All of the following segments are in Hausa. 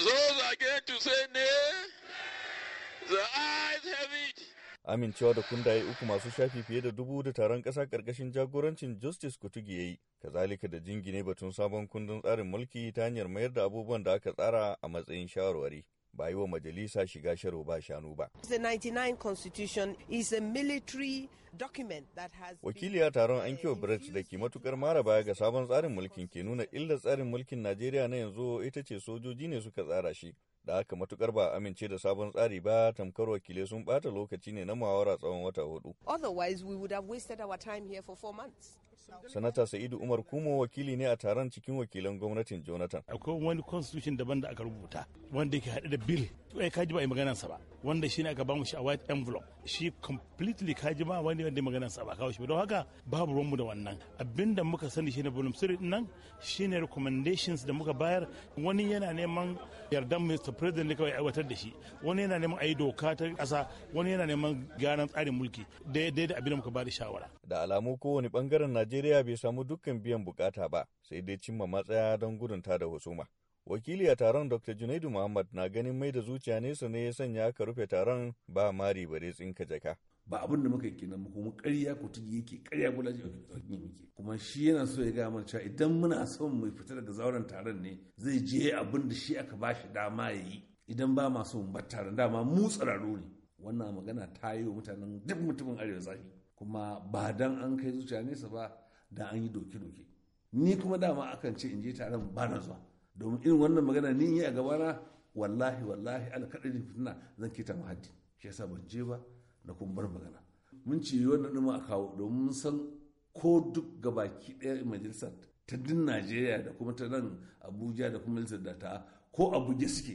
Those going to say nay, the eyes have it. Amincewa da kundaye uku masu shafi fiye da dubu da taron ƙasa ƙarƙashin jagorancin Justice Kutugi ya yi, kazalika da jingine batun sabon kundin tsarin mulki ta hanyar mayar da abubuwan da aka tsara a matsayin shawarwari. ba yi wa majalisa shiga sharo ba shanu ba. The 99 Constitution is a military document that has Wakiliya taron an kiwa Brett da ke matukar mara baya ga sabon tsarin mulkin ke nuna illar tsarin mulkin Najeriya na yanzu ita ce sojoji ne suka tsara shi. Da haka matukar ba amince da sabon tsari ba tamkar wakilai sun bata lokaci ne na muhawara tsawon wata hudu. Otherwise we wasted our time here for four months. Sanata Sa'idu Umar kuma wakili ne a taron cikin wakilan gwamnatin Jonathan. Akwai wani constitution daban da aka rubuta wanda yake haɗe da bill. ka ji ba a yi maganarsa ba. Wanda shi ne aka bamu shi a white envelope. Shi completely ji ba wani wanda maganarsa ba kawo shi ba. Don haka babu ruwanmu da wannan. Abinda muka sani shi ne volume three nan shi ne recommendations da muka bayar. Wani yana neman yardan Mr. President ne kawai aiwatar da shi. Wani yana neman a yi doka ta kasa. Wani yana neman gyaran tsarin mulki. Daidai da abin da muka ba da shawara. Da alamu kowane bangaren na Najeriya bai samu dukkan biyan bukata ba, sai dai cimma matsaya don gudun tada husuma. Wakili a taron Dr. Junaidu Muhammad na ganin mai da zuciya nesa ne ya sanya aka rufe taron ba mari bare tsinka jaka. ba abin muka yi kenan muku mu ƙarya ku tuji yake ƙarya bula ji muke kuma shi yana so ya gama cewa idan muna son mai fita daga zauren taron ne zai je abin da shi aka bashi dama ya yi idan ba ma mu bar taron dama mu tsararo ne wannan magana ta yi wa mutanen duk mutumin arewa zafi kuma ba dan an kai zuciya nesa ba da an yi doke-doke ni kuma dama akan ce in je taron ba na zuwa domin irin wannan magana ni yi a gabana wallahi wallahi alkaɗin fitina zan kita mahaddi shi yasa ban je ba na kuma bar magana mun ci wannan ɗin a kawo domin mun san ko duk gabaki ɗaya majalisar ta din najeriya da kuma ta nan abuja da kuma majalisar da ta ko abuja suke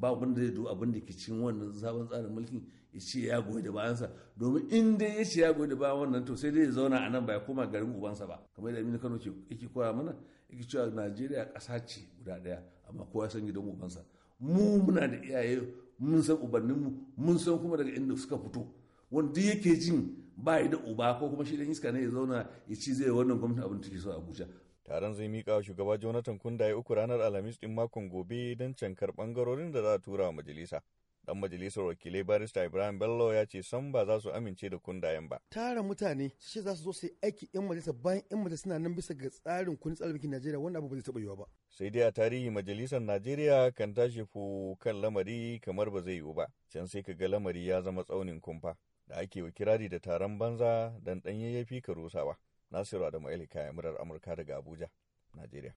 ba wanda zai duba abin da ke cikin wannan sabon tsarin mulkin ya ce ya goyi da bayansa domin in dai ya ce ya goyi da bayan wannan to sai dai ya zauna a nan ba ya koma garin ubansa ba kamar da Aminu Kano yake koya mana yake cewa Najeriya ƙasa ce guda ɗaya amma kowa ya san gidan ubansa mu muna da iyaye mun san ubanninmu mun san kuma daga inda suka fito wanda yake jin ba da uba ko kuma shi dan iska ne ya zauna ya ce zai wannan gwamnati abin ke so a Abuja Taron zai mika wa shugaba Jonathan Kundaye uku ranar Alhamis din makon gobe don cankar bangarorin da za a tura wa majalisa. dan majalisar wakilai barista ibrahim bello ya ce san ba za su amince da kundayen ba tara mutane shi za su zo su yi aiki yan majalisa bayan yan majalisa suna nan bisa ga tsarin kundin tsarin najeriya wanda abu ba zai taɓa yiwa ba sai dai a tarihi majalisar najeriya kan tashi fu kan lamari kamar ba zai yiwu ba can sai ka ga lamari ya zama tsaunin kumfa da ake wa kirari da taron banza dan ɗan yayyafi ka rusawa Nasiru Adamu Elika ya murar Amurka daga Abuja, Najeriya.